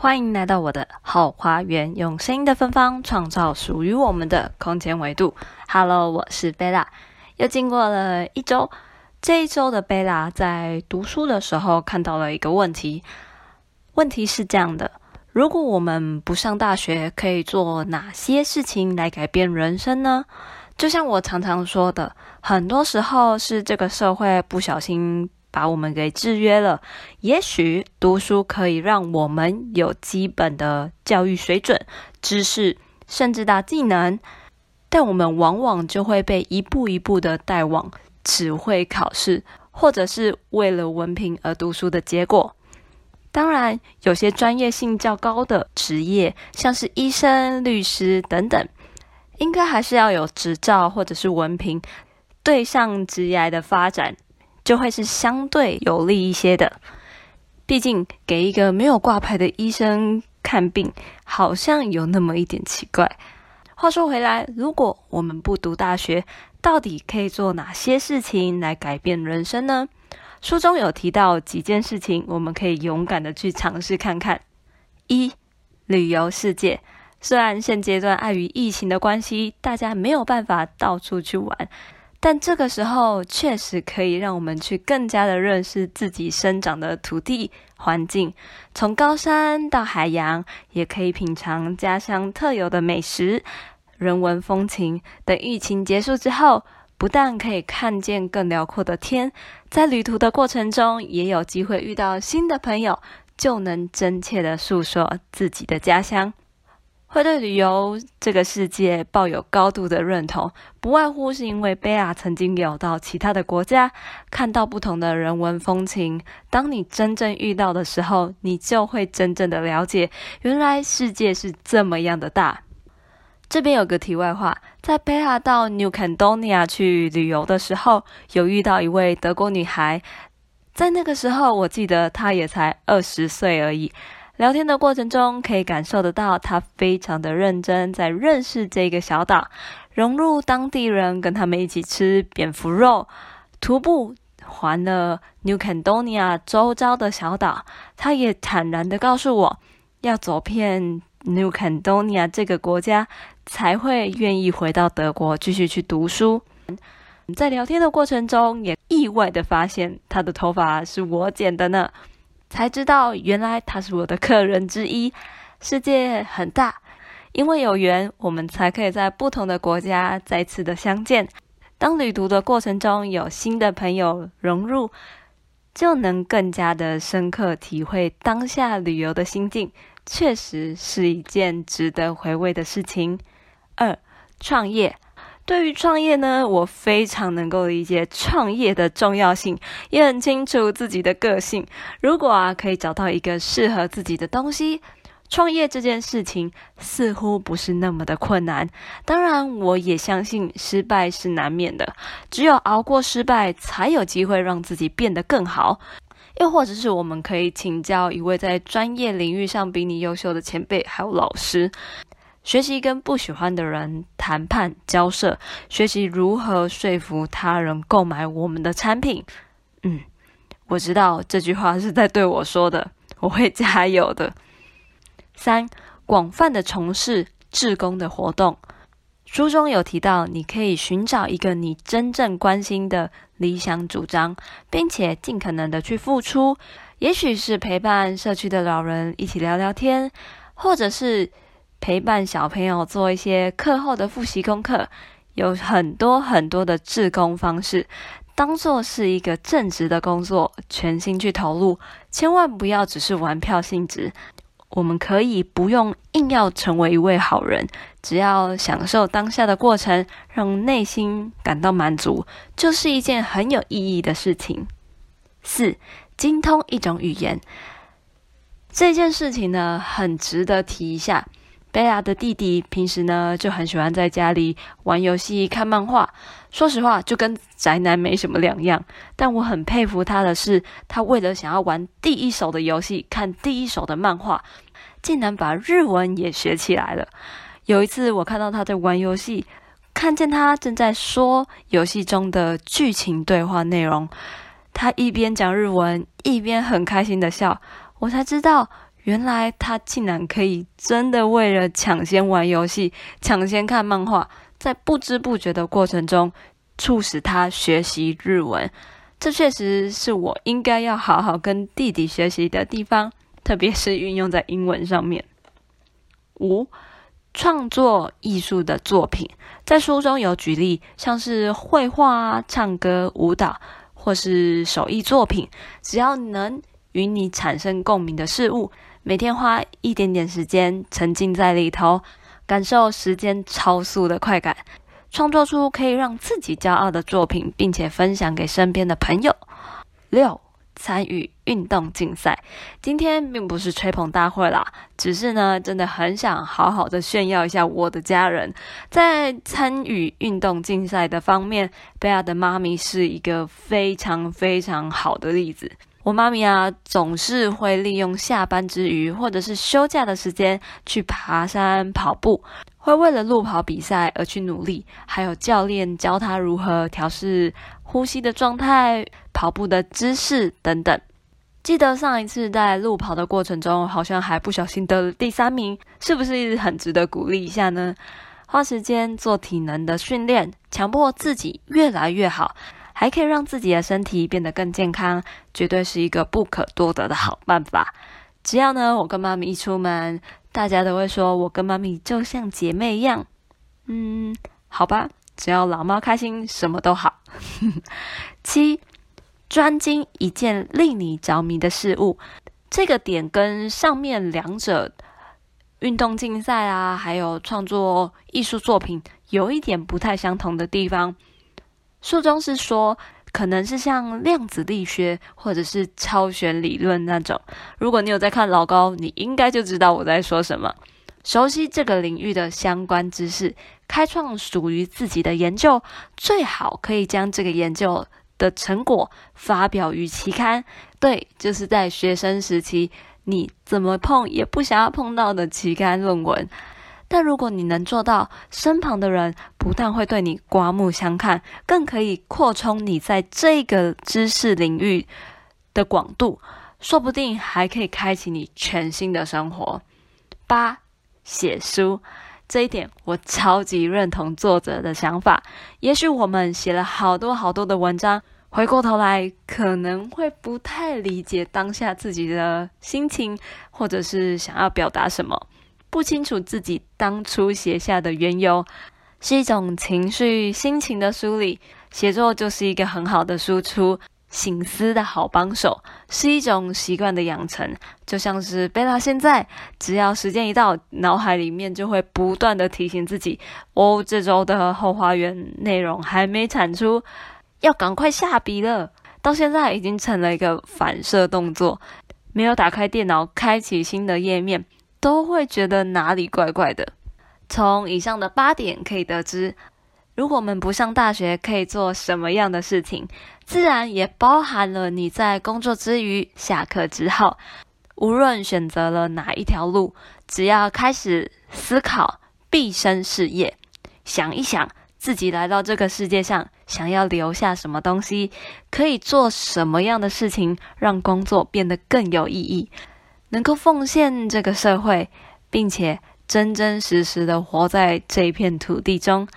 歡迎來到我的 Hoo 花園，用聲音的芬芳創造屬於我們的空間維度。Hello，我是 Bella，又經過了一周。這一周的 Bella 在讀書的時候看到了一個問題，問題是這樣的：如果我們不上大學，可以做哪些事情來改變人生呢？就像我常常說的，很多時候是這個社會不小心。把我們給制約了。也許讀書可以讓我們有基本的教育水準、知識，甚至到技能，但我們往往就會被一步一步的帶往只會考試，或者是為了文憑而讀書的結果。當然，有些專業性較高的職業，像是醫生、律師等等，應該還是要有執照或者是文憑，對上職涯的發展。就會是相對有利一些的，畢竟給一個沒有掛牌的醫生看病，好像有那麼一點奇怪。話說回來，如果我們不讀大學，到底可以做哪些事情來改變人生呢？書中有提到幾件事情，我們可以勇敢的去嘗試看看。一、旅遊世界，雖然現階段礙於疫情的關係，大家沒有辦法到處去玩。但這個時候確實可以讓我們去更加的認識自己生長的土地環境，從高山到海洋，也可以品嘗家鄉特有的美食、人文風情。等疫情結束之後，不但可以看見更遼闊的天，在旅途的過程中也有機會遇到新的朋友，就能真切的訴說自己的家鄉。會對旅遊這個世界抱有高度的認同，不外乎是因為貝拉曾經有到其他的國家，看到不同的人文風情。當你真正遇到的時候，你就會真正的了解，原來世界是這麼樣的大。這邊有個題外話，在貝拉到 New Caledonia 去旅遊的時候，有遇到一位德國女孩，在那個時候，我記得她也才二十歲而已。聊天的過程中，可以感受得到他非常的認真，在認識這個小島，融入當地人，跟他們一起吃蝙蝠肉，徒步環了 New 卡東尼亞周遭的小島。他也坦然的告訴我，要走遍 New 卡東尼亞這個國家，才會願意回到德國繼續去讀書。在聊天的過程中，也意外的發現他的頭髮是我剪的呢。才知道，原來他是我的客人之一。世界很大，因為有緣，我們才可以在不同的國家再次的相見。當旅途的過程中有新的朋友融入，就能更加的深刻體會當下旅遊的心境，確實是一件值得回味的事情。二，創業。對於創業呢，我非常能夠理解創業的重要性，也很清楚自己的個性。如果啊可以找到一個適合自己的東西，創業這件事情似乎不是那麼的困難。當然，我也相信失敗是難免的，只有熬過失敗，才有機會讓自己變得更好。又或者是我們可以請教一位在專業領域上比你優秀的前輩，還有老師。學習跟不喜歡的人談判交涉，學習如何說服他人購買我們的產品。嗯，我知道這句話是在對我說的，我會加油的。三，廣泛的從事志工的活動。書中有提到，你可以尋找一個你真正關心的理想主張，並且盡可能的去付出，也許是陪伴社區的老人一起聊聊天，或者是。陪伴小朋友做一些課後的複習功課，有很多很多的志工方式，當做是一個正職的工作，全心去投入，千萬不要只是玩票性質。我們可以不用硬要成為一位好人，只要享受當下的過程，讓內心感到滿足，就是一件很有意義的事情。四，精通一種語言，這件事情呢，很值得提一下。貝拉的弟弟平時呢就很喜歡在家裡玩遊戲、看漫畫，說實話就跟宅男沒什麼兩樣。但我很佩服他的是，他為了想要玩第一手的遊戲、看第一手的漫畫，竟然把日文也學起來了。有一次我看到他在玩遊戲，看見他正在說遊戲中的劇情對話內容，他一邊講日文，一邊很開心的笑，我才知道。原來他竟然可以真的為了搶先玩遊戲、搶先看漫畫，在不知不覺的過程中，促使他學習日文。這確實是我應該要好好跟弟弟學習的地方，特別是運用在英文上面。五、創作藝術的作品，在書中有舉例，像是繪畫、唱歌、舞蹈或是手藝作品，只要能與你產生共鳴的事物。每天花一點點時間沉浸在裡頭，感受時間超速的快感，創作出可以讓自己驕傲的作品，並且分享給身邊的朋友。六，參與運動競賽。今天並不是吹捧大會啦，只是呢，真的很想好好的炫耀一下我的家人。在參與運動競賽的方面，貝兒的媽咪是一個非常非常好的例子。我媽咪啊，總是會利用下班之餘或者是休假的時間去爬山、跑步，會為了路跑比賽而去努力，還有教練教她如何調適呼吸的狀態、跑步的姿勢等等。記得上一次在路跑的過程中，好像還不小心得了第三名，是不是一直很值得鼓勵一下呢？花時間做體能的訓練，強迫自己越來越好。還可以讓自己的身體變得更健康，絕對是一個不可多得的好辦法。只要呢，我跟媽咪一出門，大家都會說我跟媽咪就像姐妹一樣。嗯，好吧，只要老媽開心，什麼都好。 七，專精一件令你着迷的事物，這個點跟上面兩者運動競賽啊，還有創作藝術作品，有一點不太相同的地方。書中是說，可能是像量子力學或者是超弦理論那種。如果你有在看老高，你應該就知道我在說什麼。熟悉這個領域的相關知識，開創屬於自己的研究，最好可以將這個研究的成果發表於期刊。對，就是在學生時期，你怎麼碰也不想要碰到的期刊論文。但如果你能做到，身旁的人不但會對你刮目相看，更可以擴充你在這個知識領域的廣度，說不定還可以開啟你全新的生活。八，寫書，這一點我超級認同作者的想法。也許我們寫了好多好多的文章，回過頭來可能會不太理解當下自己的心情，或者是想要表達什麼。不清楚自己當初寫下的緣由，是一種情緒心情的梳理。寫作就是一個很好的輸出、省思的好幫手，是一種習慣的養成。就像是貝拉現在，只要時間一到，腦海裡面就會不斷的提醒自己：“哦，這周的 Hoo 花園內容還沒產出，要趕快下筆了。”到現在已經成了一個反射動作，沒有打開電腦，開啟新的頁面。都會覺得哪裡怪怪的。從以上的八點可以得知，如果我們不上大學，可以做什麼樣的事情，自然也包含了你在工作之餘、下課之後，無論選擇了哪一條路，只要開始思考畢生事業，想一想自己來到這個世界上，想要留下什麼東西，可以做什麼樣的事情，讓工作變得更有意義。能夠奉獻這個社會，並且真真實實地活在這片土地中，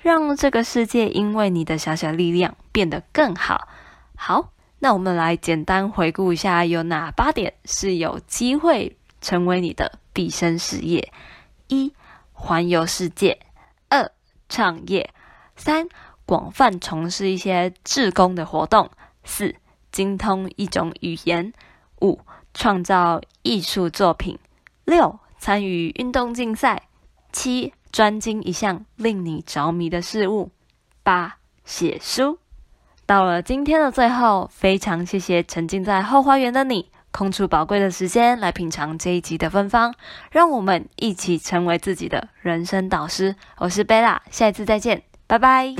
讓這個世界因為你的小小力量變得更好。好，那我們來簡單回顧一下，有哪八點是有機會成為你的畢生事業？一、環遊世界；二、創業；三、廣泛從事一些志工的活動；四、精通一種語言；五、創造藝術作品，六、參與運動競賽，七、專精一項令你着迷的事物，八、寫書。到了今天的最後，非常謝謝沉浸在後花園的你，空出寶貴的時間來品嘗這一集的芬芳。讓我們一起成為自己的人生導師。我是 Bella，下一次再見，拜拜。